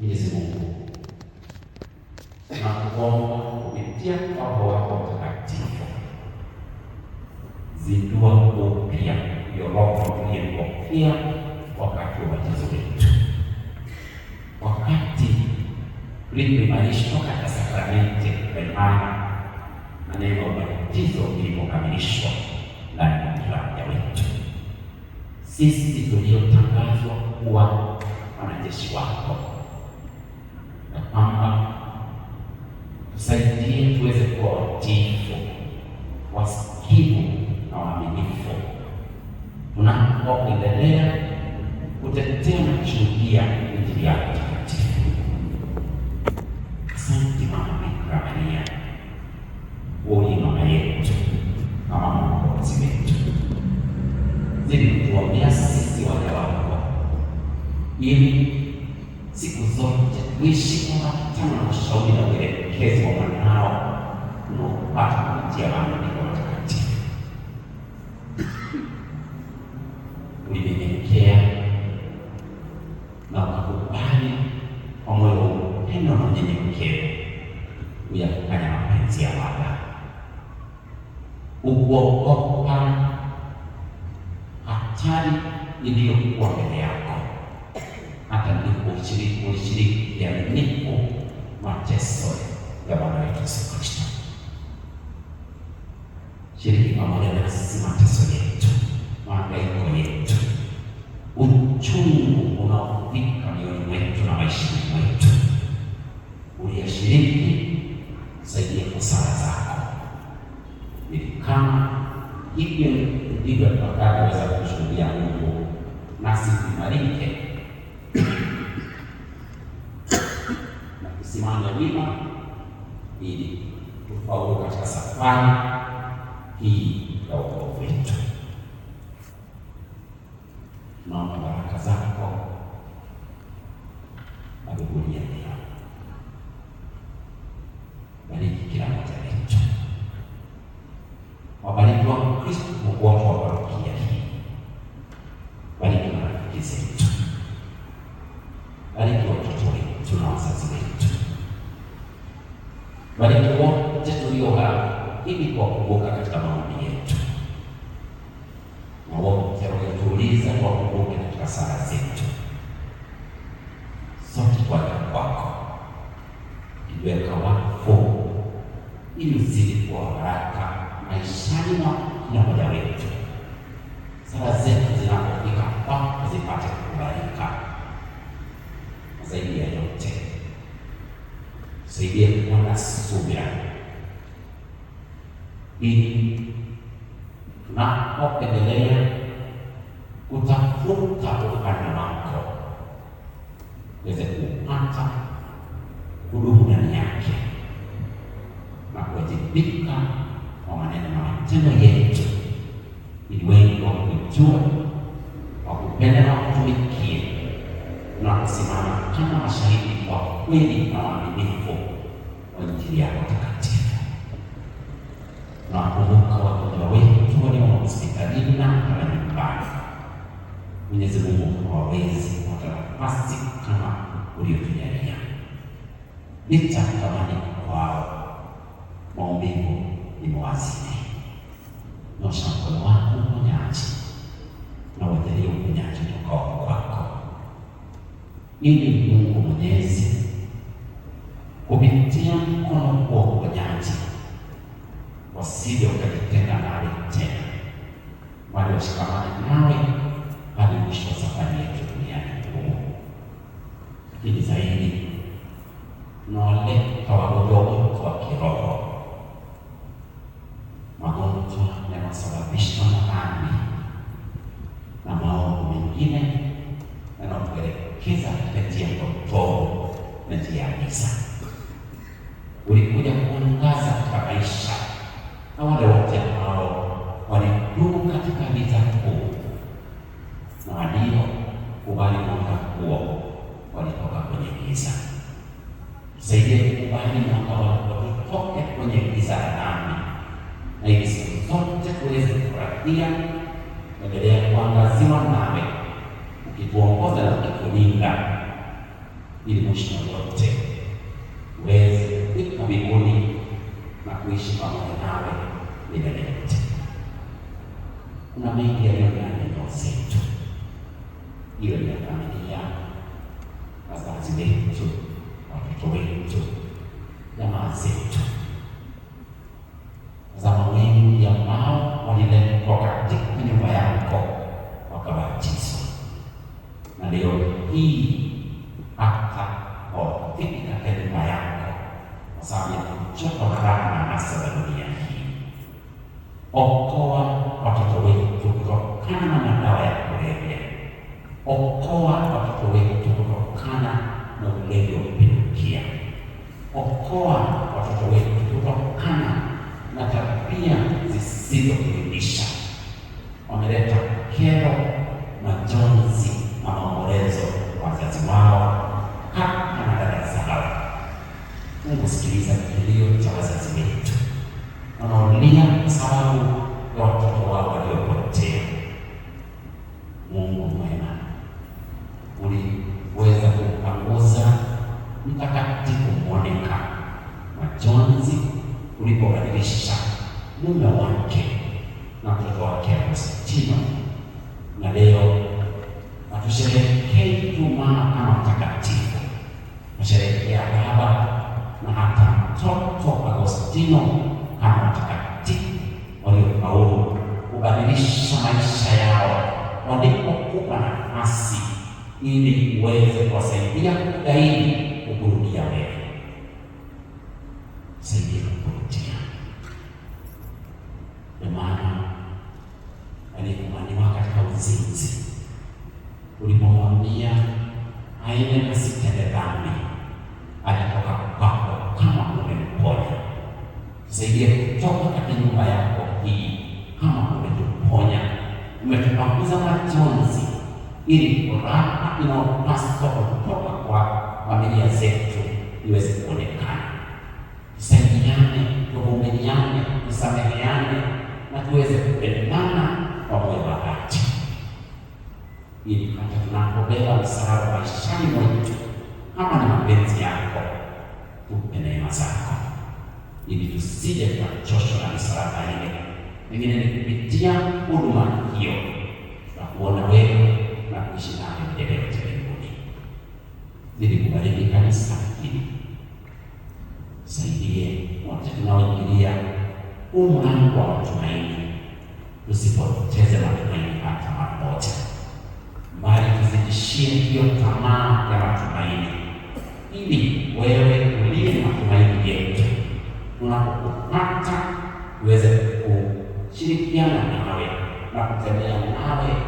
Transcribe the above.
Mwenyezi Mungu na kuomba kupitia kwako wako mtakatifu, zindua upya yorofu uliyepokea wakati wa mateso wetu, wakati ulipoimarisha toka ya sakramenti ya imani, maneno ya ubatizo ilipokamilishwa ndani ya kila ya wetu sisi tuliotangazwa kuwa wanajeshi wako kutuombea sisi waja wako, ili siku zote tuishi kwa mapatano na ushauri na uelekezo wa mwanao unaopata kupitia maandiko matakatifu. Ulinyenyekea na ukakubali kwa moyo wa upendo na unyenyekevu uyafanya mapenzi ya Baba ukuogopa kazi iliyokuwa mbele yako, hata ndipo ushiriki ushiriki yaminifu mateso ya Bwana wetu Yesu Kristo. Shiriki pamoja nasi mateso yetu, maangaiko yetu, uchungu unaofika mioyoni mwetu na maishani mwetu, uliyashiriki. Saidia kwa sala zako, ili kama Hivyo ndivyo tutakavyoweza kushuhudia Mungu nasi tuimarike na kusimama wima ili tufaulu katika safari hii ya wokovu wetu. Tunaomba baraka zako na Marehemu wote tulio hivi ili kuwakumbuka katika maombi yetu, tuuliza kwa kuwakumbuke katika sala zetu, sote kwa kwako, iweka wakfu ili uzidi kuwa haraka maishani mwa kila moja ili tunapoendelea kutafuta ufalme wako uweze kuupata, kudumu ndani yake na kuwajibika kwa maneno na matendo yetu, ili wengi wakujua, wakupenda na wakutumikie na kusimama kama mashahidi wa kweli na waaminifu wa Injili yako kuwakumbuka wagonjwa wetu walio hospitalini na hata nyumbani. Mwenyezi Mungu hawawezi kupata nafasi kama uliotujalia, licha kwao maumivu ni Nyosha mkono wako uponyaji, na ujalie uponyaji toka kwako, ili Mungu mwenyewe wasije ukajitenga nawe tena, wale washikamani nawe hadi mwisho wa safari yetu duniani humu. Lakini zaidi na wale wadogo wa kiroho, magonjwa yanasababishwa na dhambi na maovu mengine yanatuelekeza katika njia ya utovu na njia ya giza. Ulikuja giza, tusaidie kukubali mwaka wako, tutoke kwenye giza la dhambi, na ili siku zote tuweze kufurahia endelea kuangaziwa nawe, ukituongoza na ukitulinda, ili mwisho yote uweze kufika mbinguni na kuishi pamoja nawe milele yote. Kuna mengi yaliyo ndani ya nafsi yetu, hiyo ni familia 之内不足，啊，作为不足，那么是不足。Zaman ini yang maha wanita kokak jik menyebayang kok wakawa jiswa. Nah leo hi akta o tika kene bayang kok. Masalah yang cepat kuwaokoa watoto wetu kutokana na tabia zisizokurudisha wameleta ulipobadilisha mume wake na mtoto wake msitima, na leo natusherehekee Ijumaa kama mtakatifu, nasherehekea baba na hata mtoto Agostino kama mtakatifu waliofaulu kubadilisha maisha yao walipokuwa nafasi, ili uweze kuwasaidia zaidi kukurudia wewe. mzinzi ulipomwambia aende asitende dhambi, alitoka kwako kama umemponya. Tusaidie kutoka katika nyumba yako hii kama umetuponya, umetupanguza majonzi, ili furaha inayopaswa kutoka kwa familia zetu iweze kuonekana. Tusaidiane, tuvumiliane, tusameheane na tuweze kupendana ili hata tunapobeba msalaba maishani mwetu, kama ni mapenzi yako, tupe neema zako, ili tusije kwa chosho la msalaba ile. Pengine ni kupitia huduma hiyo na kuona wewe na kuishi nawe mbele yote mbinguni. Nilikubariki kanisa hili, saidie wote tunaoingilia huu mlango wa matumaini, tusipoteze usiishie hiyo tamaa ya matumaini, ili wewe uliye na matumaini yetu, unapopata uweze kushirikiana nawe na kutembea nawe